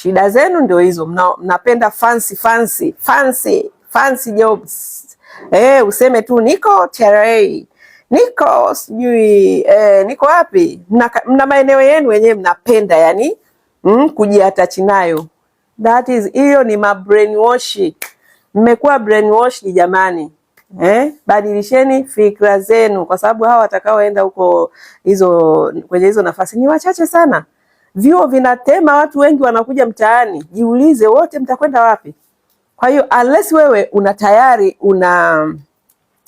Shida zenu ndio hizo, mna, mnapenda fancy fancy fancy fancy jobs eh, useme tu niko TRA niko sijui eh, niko wapi. Mna, mna maeneo yenu wenyewe mnapenda yani mm, kujiatachi nayo. That is hiyo ni ma brainwash, mmekuwa brainwash ni jamani. Eh, badilisheni fikra zenu, kwa sababu hawa watakaoenda huko hizo kwenye hizo nafasi ni wachache sana vyuo vinatema watu wengi wanakuja mtaani, jiulize wote mtakwenda wapi? Kwa hiyo unless wewe una tayari una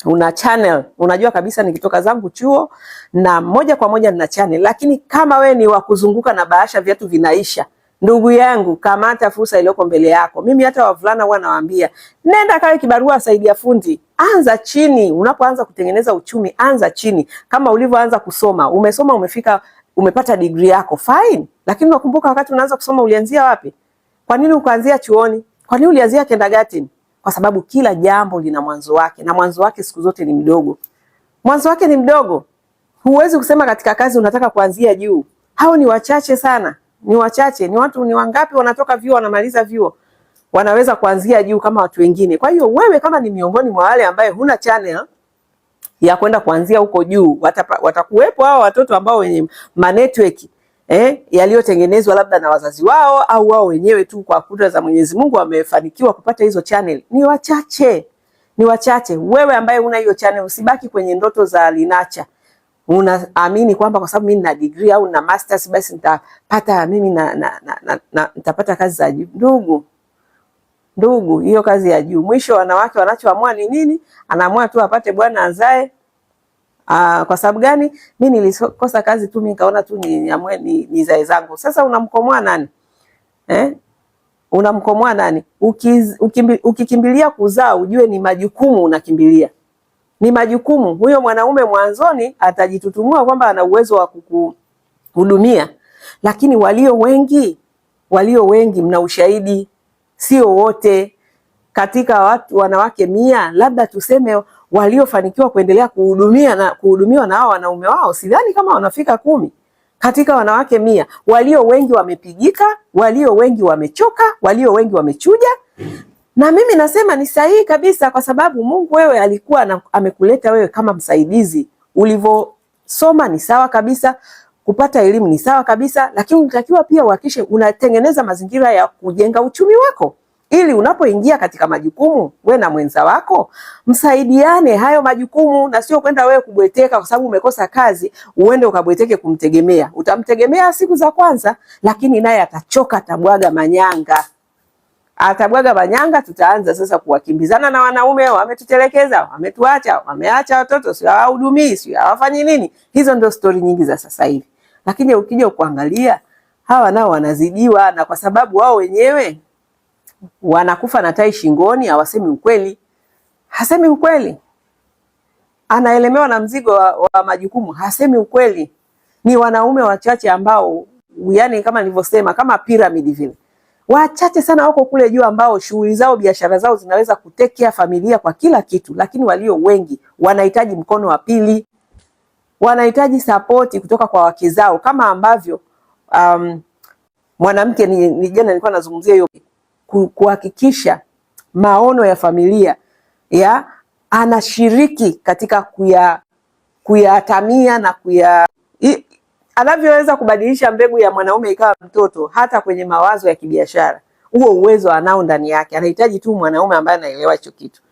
una channel, unajua kabisa nikitoka zangu chuo na moja kwa moja nina channel, lakini kama we ni wa kuzunguka na bahasha viatu vinaisha, ndugu yangu, kamata fursa iliyoko mbele yako. Mimi hata wavulana huwa nawaambia, nenda kawe kibarua, saidia fundi, anza chini. Unapoanza kutengeneza uchumi, anza chini, kama ulivyoanza kusoma. Umesoma, umefika umepata degree yako fine, lakini unakumbuka wakati unaanza kusoma ulianzia wapi? Kwa nini ukaanzia chuoni? Kwa nini ulianzia kindergarten? Kwa sababu kila jambo lina mwanzo wake, na mwanzo wake siku zote ni mdogo. Mwanzo wake ni mdogo. Huwezi kusema katika kazi unataka kuanzia juu. Hao ni wachache sana, ni wachache. Ni watu ni wangapi wanatoka vyuo wanamaliza vyuo wanaweza kuanzia juu kama watu wengine? Kwa hiyo wewe kama ni miongoni mwa wale ambaye huna channel ya kwenda kuanzia huko juu. Watakuwepo hao watoto ambao wenye manetwork eh, yaliyotengenezwa labda na wazazi wao au wao wenyewe tu kwa kudra za Mwenyezi Mungu wamefanikiwa kupata hizo channel. Ni wachache, ni wachache. Wewe ambaye una hiyo channel usibaki kwenye ndoto za linacha unaamini kwamba kwa sababu mimi nina degree au na masters basi nitapata mimi na, na, na, na, na, nitapata kazi za ajabu. Ndugu, Ndugu, hiyo kazi ya juu. Mwisho wanawake wanachoamua ni nini? Anaamua tu apate bwana azae. Aa, ah, kwa sababu gani? Mi nilikosa kazi tu, mi nikaona tu niamue ni, ni zae zangu. Sasa unamkomoa nani eh? Unamkomoa nani? Ukiz, ukimbi, ukikimbilia kuzaa ujue ni majukumu unakimbilia, ni majukumu. Huyo mwanaume mwanzoni atajitutumua kwamba ana uwezo wa kukuhudumia, lakini walio wengi, walio wengi mna ushahidi sio wote. Katika watu wanawake mia, labda tuseme waliofanikiwa kuendelea kuhudumia na kuhudumiwa na hao wanaume wao, sidhani kama wanafika kumi katika wanawake mia. Walio wengi wamepigika, walio wengi wamechoka, walio wengi wamechuja, na mimi nasema ni sahihi kabisa, kwa sababu Mungu wewe alikuwa na, amekuleta wewe kama msaidizi. Ulivyosoma ni sawa kabisa, kupata elimu ni sawa kabisa, lakini unatakiwa pia uhakikishe unatengeneza mazingira ya kujenga uchumi wako, ili unapoingia katika majukumu we na mwenza wako msaidiane hayo majukumu, na sio kwenda wewe kubweteka kwa sababu umekosa kazi uende ukabweteke kumtegemea. Utamtegemea siku za kwanza, lakini naye atachoka, atabwaga manyanga atabwaga manyanga. Tutaanza sasa kuwakimbizana na wanaume, wametutelekeza, wametuacha, wameacha watoto, si hawahudumii, si hawafanyi nini. Hizo ndio stori nyingi za sasa hivi. Lakini ukija kuangalia hawa nao wanazidiwa, na kwa sababu wao wenyewe wanakufa na tai shingoni, hawasemi ukweli. Hasemi ukweli, anaelemewa na mzigo wa, wa majukumu, hasemi ukweli. Ni wanaume wachache ambao, yani kama nilivyosema, kama piramidi vile wachache sana wako kule juu ambao shughuli zao biashara zao zinaweza kutekea familia kwa kila kitu, lakini walio wengi wanahitaji mkono wa pili wanahitaji sapoti kutoka kwa wake zao kama ambavyo um, mwanamke ni, ni jana nilikuwa nazungumzia hiyo kuhakikisha maono ya familia ya anashiriki katika kuya kuyatamia na kuya anavyoweza kubadilisha mbegu ya mwanaume ikawa mtoto hata kwenye mawazo ya kibiashara. Huo uwezo anao ndani yake, anahitaji tu mwanaume ambaye anaelewa hicho kitu.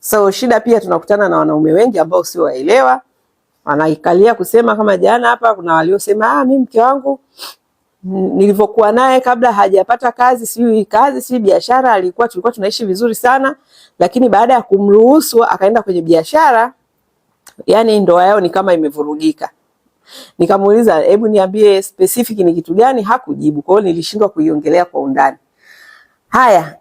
So shida pia tunakutana na wanaume wengi ambao sio waelewa wanaikalia kusema kama jana hapa kuna waliosema ah, mimi mke wangu nilivyokuwa naye kabla hajapata kazi, sijui kazi, si biashara, alikuwa tulikuwa tunaishi vizuri sana, lakini baada ya kumruhusu akaenda kwenye biashara, yani ndoa yao ni kama imevurugika. Nikamuuliza, hebu niambie specific ni kitu gani? Hakujibu, kwa hiyo nilishindwa kuiongelea kwa undani. Haya,